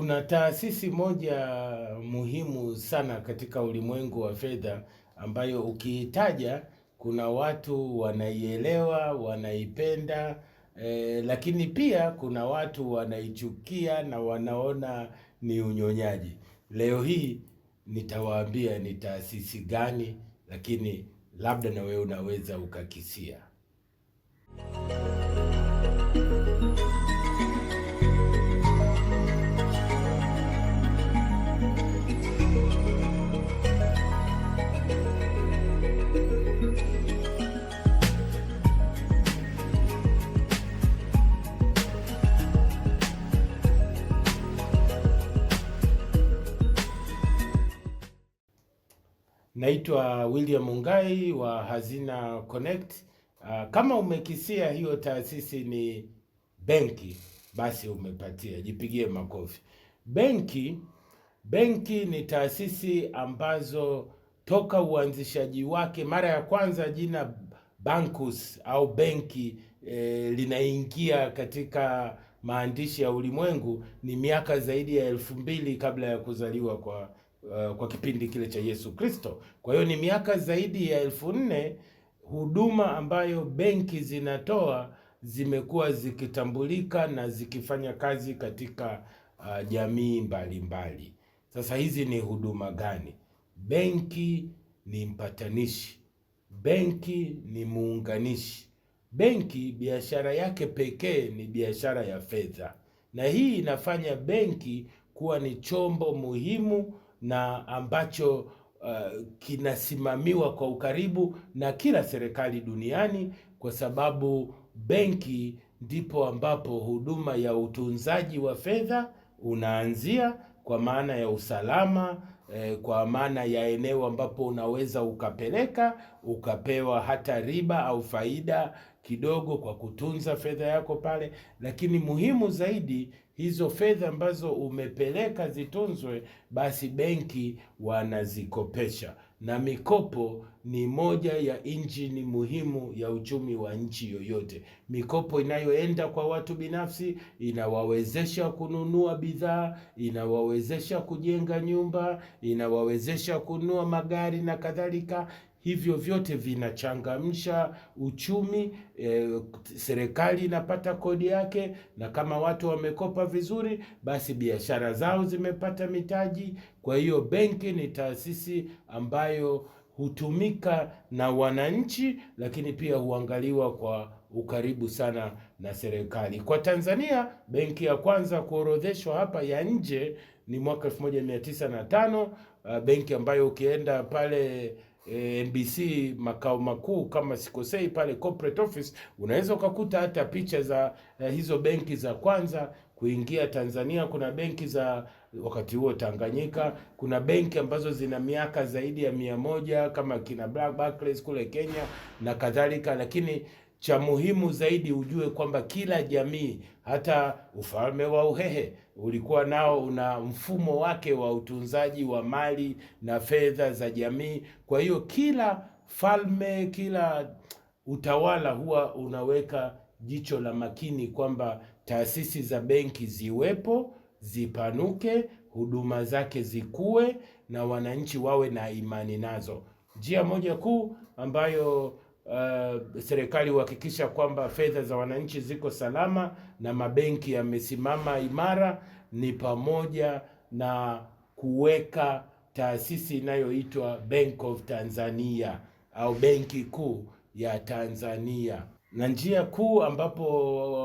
Kuna taasisi moja muhimu sana katika ulimwengu wa fedha ambayo ukiitaja kuna watu wanaielewa, wanaipenda eh, lakini pia kuna watu wanaichukia na wanaona ni unyonyaji. Leo hii nitawaambia ni taasisi gani, lakini labda na wewe unaweza ukakisia Naitwa William Mungai wa Hazina Connect. Ah, kama umekisia hiyo taasisi ni benki, basi umepatia, jipigie makofi. Benki, benki ni taasisi ambazo toka uanzishaji wake, mara ya kwanza jina bankus au benki e, linaingia katika maandishi ya ulimwengu ni miaka zaidi ya elfu mbili kabla ya kuzaliwa kwa uh, kwa kipindi kile cha Yesu Kristo. Kwa hiyo ni miaka zaidi ya elfu nne huduma ambayo benki zinatoa zimekuwa zikitambulika na zikifanya kazi katika uh, jamii mbalimbali mbali. Sasa hizi ni huduma gani? Benki ni mpatanishi, benki ni muunganishi, benki biashara yake pekee ni biashara ya fedha, na hii inafanya benki kuwa ni chombo muhimu na ambacho uh, kinasimamiwa kwa ukaribu na kila serikali duniani kwa sababu benki ndipo ambapo huduma ya utunzaji wa fedha unaanzia kwa maana ya usalama eh, kwa maana ya eneo ambapo unaweza ukapeleka ukapewa hata riba au faida kidogo kwa kutunza fedha yako pale, lakini muhimu zaidi hizo fedha ambazo umepeleka zitunzwe, basi benki wanazikopesha, na mikopo ni moja ya injini muhimu ya uchumi wa nchi yoyote. Mikopo inayoenda kwa watu binafsi inawawezesha kununua bidhaa, inawawezesha kujenga nyumba, inawawezesha kununua magari na kadhalika hivyo vyote vinachangamsha uchumi e, serikali inapata kodi yake, na kama watu wamekopa vizuri, basi biashara zao zimepata mitaji. Kwa hiyo benki ni taasisi ambayo hutumika na wananchi, lakini pia huangaliwa kwa ukaribu sana na serikali. Kwa Tanzania, benki ya kwanza kuorodheshwa hapa ya nje ni mwaka 1905 eh, benki ambayo ukienda pale e, eh, NBC makao makuu kama sikosei, pale corporate office, unaweza ukakuta hata picha za eh, hizo benki za kwanza kuingia Tanzania. Kuna benki za wakati huo Tanganyika, kuna benki ambazo zina miaka zaidi ya mia moja kama kina Barclays kule Kenya na kadhalika, lakini cha muhimu zaidi ujue kwamba kila jamii, hata ufalme wa Uhehe ulikuwa nao una mfumo wake wa utunzaji wa mali na fedha za jamii. Kwa hiyo kila falme, kila utawala huwa unaweka jicho la makini kwamba taasisi za benki ziwepo, zipanuke, huduma zake zikue, na wananchi wawe na imani nazo. Njia moja kuu ambayo uh, serikali huhakikisha kwamba fedha za wananchi ziko salama na mabenki yamesimama imara, ni pamoja na kuweka taasisi inayoitwa Bank of Tanzania au Benki Kuu ya Tanzania. Na njia kuu ambapo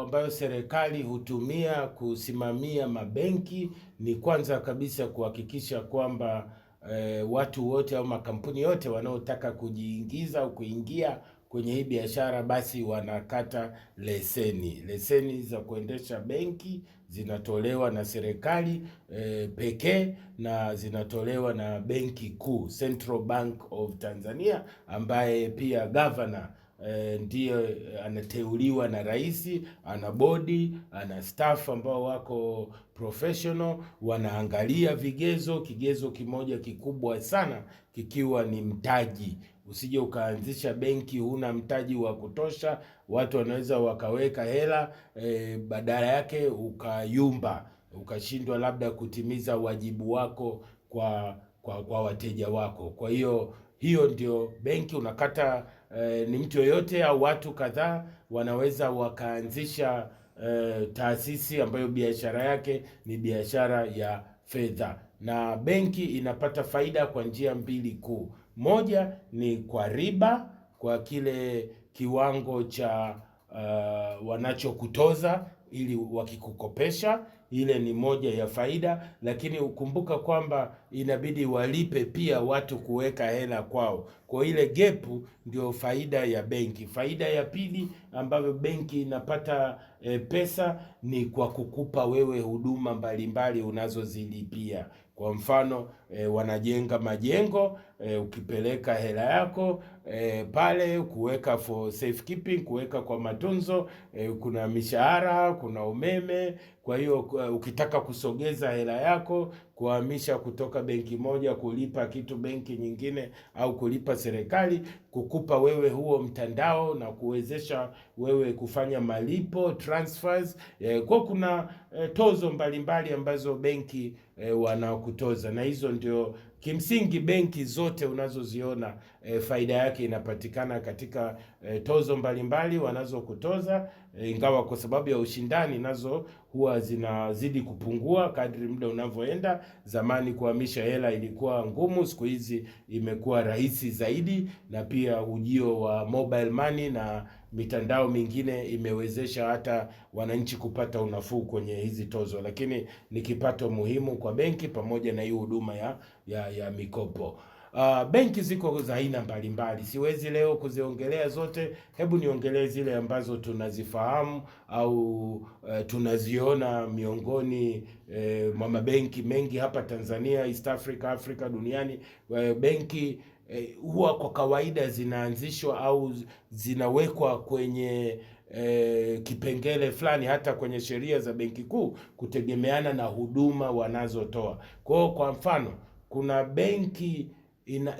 ambayo serikali hutumia kusimamia mabenki ni kwanza kabisa kuhakikisha kwamba e, watu wote au makampuni yote wanaotaka kujiingiza au kuingia kwenye hii biashara basi wanakata leseni. Leseni za kuendesha benki zinatolewa na serikali e, pekee na zinatolewa na benki kuu, Central Bank of Tanzania, ambaye pia governor Eh, ndiye eh, anateuliwa na rais, ana bodi, ana staff ambao wako professional, wanaangalia vigezo, kigezo kimoja kikubwa sana kikiwa ni mtaji. Usije ukaanzisha benki huna mtaji wa kutosha, watu wanaweza wakaweka hela e, badala yake ukayumba, ukashindwa labda kutimiza wajibu wako kwa kwa, kwa wateja wako. Kwa hiyo hiyo ndio benki unakata Eh, ni mtu yoyote au watu kadhaa wanaweza wakaanzisha eh, taasisi ambayo biashara yake ni biashara ya fedha, na benki inapata faida kwa njia mbili kuu. Moja ni kwa riba, kwa kile kiwango cha uh, wanachokutoza ili wakikukopesha ile ni moja ya faida, lakini ukumbuka kwamba inabidi walipe pia watu kuweka hela kwao. Kwa ile gepu ndio faida ya benki. Faida ya pili ambayo benki inapata e, pesa ni kwa kukupa wewe huduma mbalimbali unazozilipia. Kwa mfano e, wanajenga majengo e, ukipeleka hela yako e, pale kuweka for safekeeping, kuweka kwa matunzo e, kuna mishahara, kuna umeme. Kwa hiyo e, ukitaka kusogeza hela yako kuhamisha kutoka benki moja kulipa kitu benki nyingine au kulipa serikali, kukupa wewe huo mtandao na kuwezesha wewe kufanya malipo transfers. E, kwa kuna e, tozo mbalimbali mbali ambazo benki e, wanakutoza na hizo ndio kimsingi benki zote unazoziona e, faida yake inapatikana katika e, tozo mbalimbali wanazokutoza e, ingawa kwa sababu ya ushindani nazo huwa zinazidi kupungua kadri muda unavyoenda. Zamani kuhamisha hela ilikuwa ngumu, siku hizi imekuwa rahisi zaidi, na pia ujio wa mobile money na mitandao mingine imewezesha hata wananchi kupata unafuu kwenye hizi tozo, lakini ni kipato muhimu kwa benki pamoja na hii huduma ya, ya, ya mikopo. Uh, benki ziko za aina mbalimbali, siwezi leo kuziongelea zote. Hebu niongelee zile ambazo tunazifahamu au uh, tunaziona miongoni eh, mwa mabenki mengi hapa Tanzania, East Africa, Afrika duniani uh, benki eh, huwa kwa kawaida zinaanzishwa au zinawekwa kwenye E, kipengele fulani hata kwenye sheria za benki kuu kutegemeana na huduma wanazotoa. Kwa hiyo kwa mfano kuna benki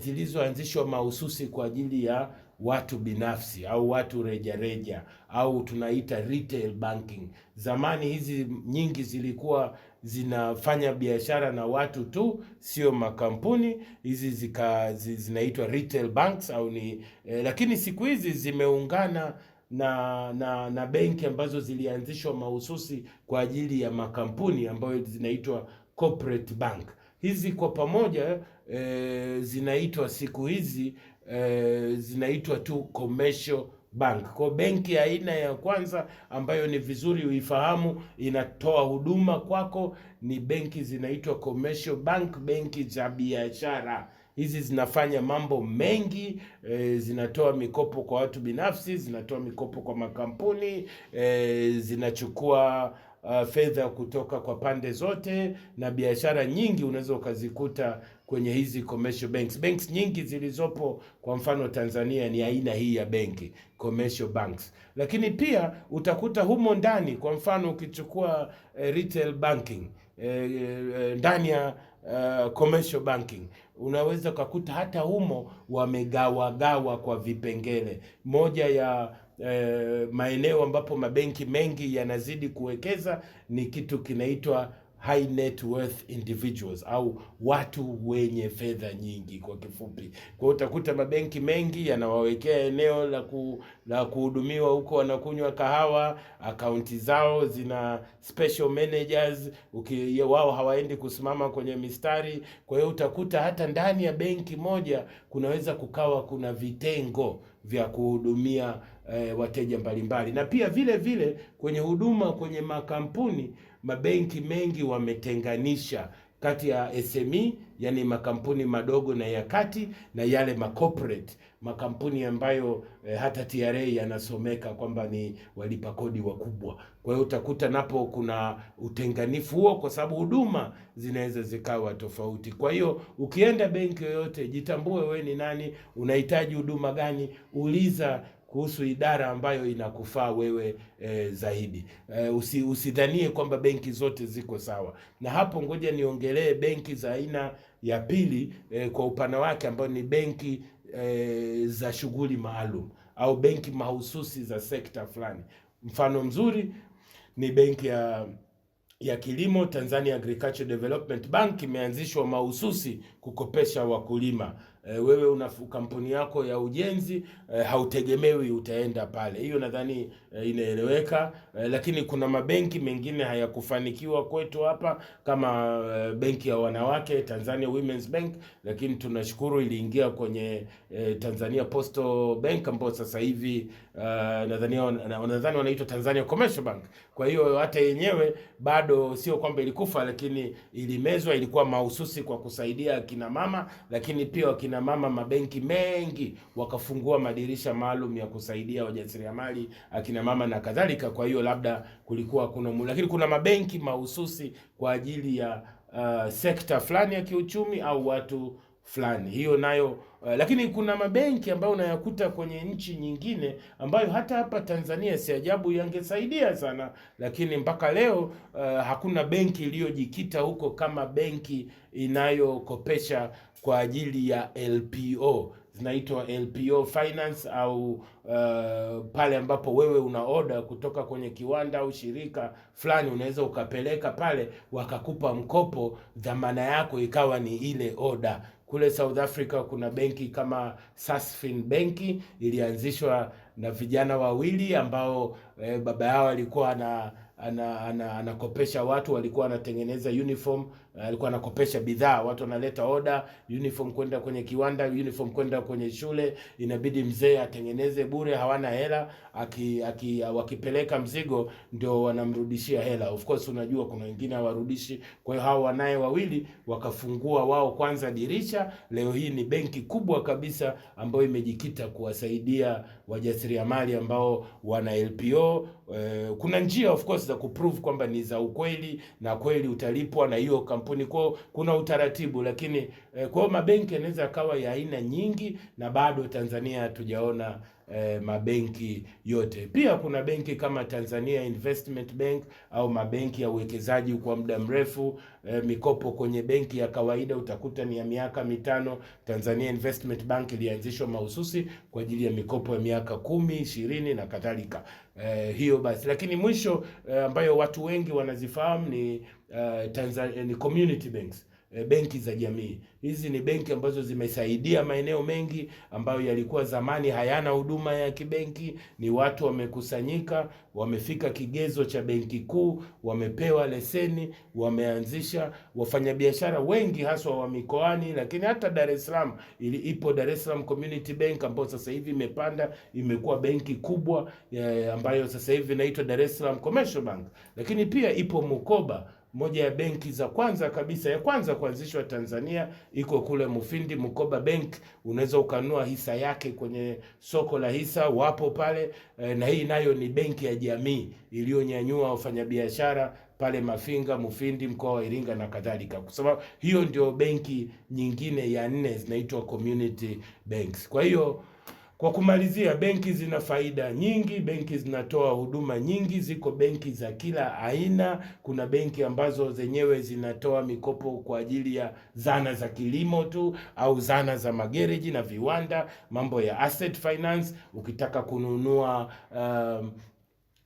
zilizoanzishwa mahususi kwa ajili ya watu binafsi au watu rejareja reja, au tunaita retail banking. Zamani hizi nyingi zilikuwa zinafanya biashara na watu tu, sio makampuni. Hizi zika zinaitwa retail banks au ni eh, lakini siku hizi zimeungana na na na benki ambazo zilianzishwa mahususi kwa ajili ya makampuni ambayo zinaitwa corporate bank. Hizi kwa pamoja eh, zinaitwa siku hizi eh, zinaitwa tu commercial bank. Kwa benki aina ya kwanza ambayo ni vizuri uifahamu, inatoa huduma kwako ni benki zinaitwa commercial bank, benki za biashara. Hizi zinafanya mambo mengi e, zinatoa mikopo kwa watu binafsi, zinatoa mikopo kwa makampuni e, zinachukua uh, fedha kutoka kwa pande zote, na biashara nyingi unaweza ukazikuta kwenye hizi commercial banks. Banks nyingi zilizopo kwa mfano Tanzania ni aina hii ya benki commercial banks, lakini pia utakuta humo ndani, kwa mfano ukichukua eh, retail banking eh, eh, ndani eh, ya Uh, commercial banking unaweza ukakuta hata humo wamegawagawa kwa vipengele. Moja ya uh, maeneo ambapo mabenki mengi yanazidi kuwekeza ni kitu kinaitwa high net worth individuals au watu wenye fedha nyingi kwa kifupi. Kwa utakuta mabenki mengi yanawawekea eneo la ku, la kuhudumiwa huko, wanakunywa kahawa, akaunti zao zina special managers, wao hawaendi kusimama kwenye mistari. Kwa hiyo utakuta hata ndani ya benki moja kunaweza kukawa kuna vitengo vya kuhudumia e, wateja mbalimbali, na pia vile vile kwenye huduma kwenye makampuni, mabenki mengi wametenganisha kati ya SME yani makampuni madogo na ya kati na yale makorporate makampuni ambayo e, hata TRA yanasomeka kwamba ni walipa kodi wakubwa. Kwa hiyo utakuta napo kuna utenganifu huo, kwa sababu huduma zinaweza zikawa tofauti. Kwa hiyo ukienda benki yoyote, jitambue wewe ni nani, unahitaji huduma gani, uliza kuhusu idara ambayo inakufaa wewe e, zaidi e, usi, usidhanie kwamba benki zote ziko sawa. Na hapo ngoja niongelee benki za aina ya pili e, kwa upana wake ambayo ni benki e, za shughuli maalum au benki mahususi za sekta fulani. Mfano mzuri ni benki ya ya kilimo Tanzania Agriculture Development Bank imeanzishwa mahususi kukopesha wakulima e, wewe una kampuni yako ya ujenzi e, hautegemewi utaenda pale. Hiyo nadhani e, inaeleweka e, lakini kuna mabenki mengine hayakufanikiwa kwetu hapa kama e, benki ya wanawake Tanzania Women's Bank, lakini tunashukuru iliingia kwenye e, Tanzania Postal Bank ambayo sasa hivi uh, nadhani nadhani wanaitwa Tanzania Commercial Bank. Kwa hiyo hata yenyewe bado sio kwamba ilikufa, lakini ilimezwa, ilikuwa mahususi kwa kusaidia akina mama, lakini pia wakina kina mama mabenki mengi wakafungua madirisha maalum ya kusaidia wajasiriamali akina mama na kadhalika. Kwa hiyo labda kulikuwa kuna umuhimu, lakini kuna mabenki mahususi kwa ajili ya uh, sekta fulani ya kiuchumi au watu fulani hiyo nayo uh, lakini kuna mabenki ambayo unayakuta kwenye nchi nyingine ambayo hata hapa Tanzania si ajabu yangesaidia sana, lakini mpaka leo uh, hakuna benki iliyojikita huko kama benki inayokopesha kwa ajili ya LPO zinaitwa LPO finance au uh, pale ambapo wewe una oda kutoka kwenye kiwanda au shirika fulani, unaweza ukapeleka pale wakakupa mkopo, dhamana yako ikawa ni ile oda. Kule South Africa kuna benki kama Sasfin benki ilianzishwa na vijana wawili ambao eh, baba yao alikuwa ana anakopesha ana, ana, ana watu walikuwa wanatengeneza uniform alikuwa anakopesha bidhaa, watu wanaleta oda, uniform kwenda kwenye kiwanda, uniform kwenda kwenye shule, inabidi mzee atengeneze bure, hawana hela. Aki, aki, wakipeleka mzigo ndio wanamrudishia hela. Of course unajua kuna wengine hawarudishi, kwa hiyo hao wanaye wawili wakafungua wao kwanza dirisha. Leo hii ni benki kubwa kabisa ambayo imejikita kuwasaidia wajasiriamali ambao wana LPO. Eh, kuna njia of course za kuprove kwamba ni za ukweli na kweli utalipwa na hiyo kampuni makampuni kwao kuna utaratibu, lakini eh, kwao mabenki yanaweza yakawa ya aina nyingi, na bado Tanzania hatujaona eh, mabenki yote. Pia kuna benki kama Tanzania Investment Bank au mabenki ya uwekezaji kwa muda mrefu. Eh, mikopo kwenye benki ya kawaida utakuta ni ya miaka mitano. Tanzania Investment Bank ilianzishwa mahususi kwa ajili ya mikopo ya miaka kumi, ishirini na kadhalika. Eh, hiyo basi, lakini mwisho eh, ambayo watu wengi wanazifahamu ni, eh, Tanzania, eh, ni community banks e, benki za jamii. Hizi ni benki ambazo zimesaidia maeneo mengi ambayo yalikuwa zamani hayana huduma ya kibenki. Ni watu wamekusanyika, wamefika kigezo cha benki kuu, wamepewa leseni, wameanzisha. Wafanyabiashara wengi haswa wa mikoani, lakini hata Dar es Salaam ilipo ipo Dar es Salaam Community Bank ambayo sasa hivi imepanda, imekuwa benki kubwa eh, ambayo sasa hivi inaitwa Dar es Salaam Commercial Bank, lakini pia ipo Mukoba moja ya benki za kwanza kabisa ya kwanza kuanzishwa Tanzania iko kule Mufindi Mkoba Bank. Unaweza ukanua hisa yake kwenye soko la hisa, wapo pale e, na hii nayo ni benki ya jamii iliyonyanyua wafanyabiashara pale Mafinga, Mufindi, mkoa wa Iringa na kadhalika, kwa sababu hiyo ndio benki nyingine ya nne zinaitwa community banks. Kwa hiyo kwa kumalizia, benki zina faida nyingi, benki zinatoa huduma nyingi, ziko benki za kila aina. Kuna benki ambazo zenyewe zinatoa mikopo kwa ajili ya zana za kilimo tu au zana za magereji na viwanda, mambo ya asset finance, ukitaka kununua um,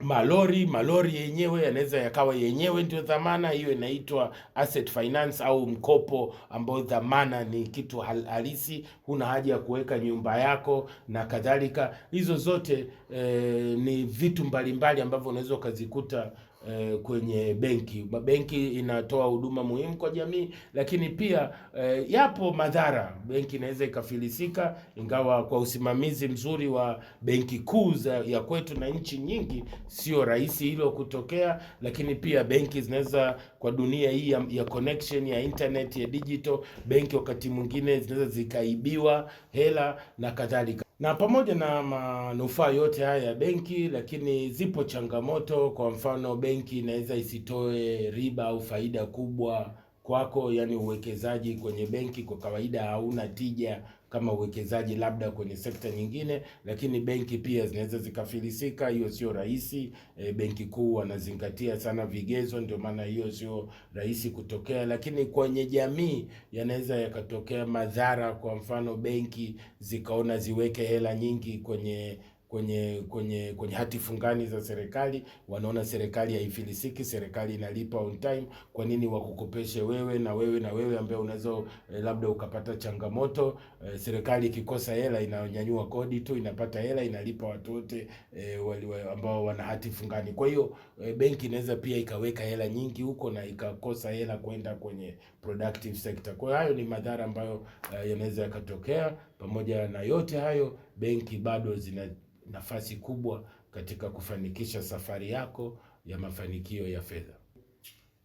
malori malori yenyewe yanaweza yakawa yenyewe ndio dhamana hiyo, inaitwa asset finance au mkopo, ambao dhamana ni kitu halisi, huna haja ya kuweka nyumba yako na kadhalika. Hizo zote eh, ni vitu mbalimbali ambavyo unaweza ukazikuta Eh, kwenye benki. Benki inatoa huduma muhimu kwa jamii, lakini pia eh, yapo madhara. Benki inaweza ikafilisika, ingawa kwa usimamizi mzuri wa benki kuu ya kwetu na nchi nyingi sio rahisi hilo kutokea, lakini pia benki zinaweza kwa dunia hii ya, ya connection ya internet ya digital, benki wakati mwingine zinaweza zikaibiwa hela na kadhalika. Na pamoja na manufaa yote haya ya benki, lakini zipo changamoto. Kwa mfano, benki inaweza isitoe riba au faida kubwa kwako, yani uwekezaji kwenye benki kwa kawaida hauna tija kama uwekezaji labda kwenye sekta nyingine, lakini benki pia zinaweza zikafilisika. Hiyo sio rahisi. E, benki kuu wanazingatia sana vigezo, ndio maana hiyo sio rahisi kutokea, lakini kwenye jamii yanaweza yakatokea madhara. Kwa mfano benki zikaona ziweke hela nyingi kwenye kwenye kwenye kwenye hati fungani za serikali, wanaona serikali haifilisiki, serikali inalipa on time. Kwa nini wakukopeshe wewe na wewe na wewe ambaye unaweza eh, labda ukapata changamoto eh, serikali ikikosa hela inanyanyua kodi tu, inapata hela inalipa watu wote eh, wali, ambao wana hati fungani. Kwa hiyo eh, benki inaweza pia ikaweka hela nyingi huko na ikakosa hela kwenda kwenye productive sector. Kwa hiyo hayo ni madhara ambayo eh, yanaweza yakatokea. Pamoja na yote hayo, benki bado zina nafasi kubwa katika kufanikisha safari yako ya mafanikio ya fedha.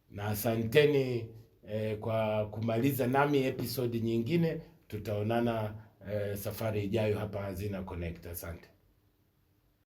Na asanteni eh, kwa kumaliza nami episode nyingine. Tutaonana eh, safari ijayo hapa Hazina Connect. Asante.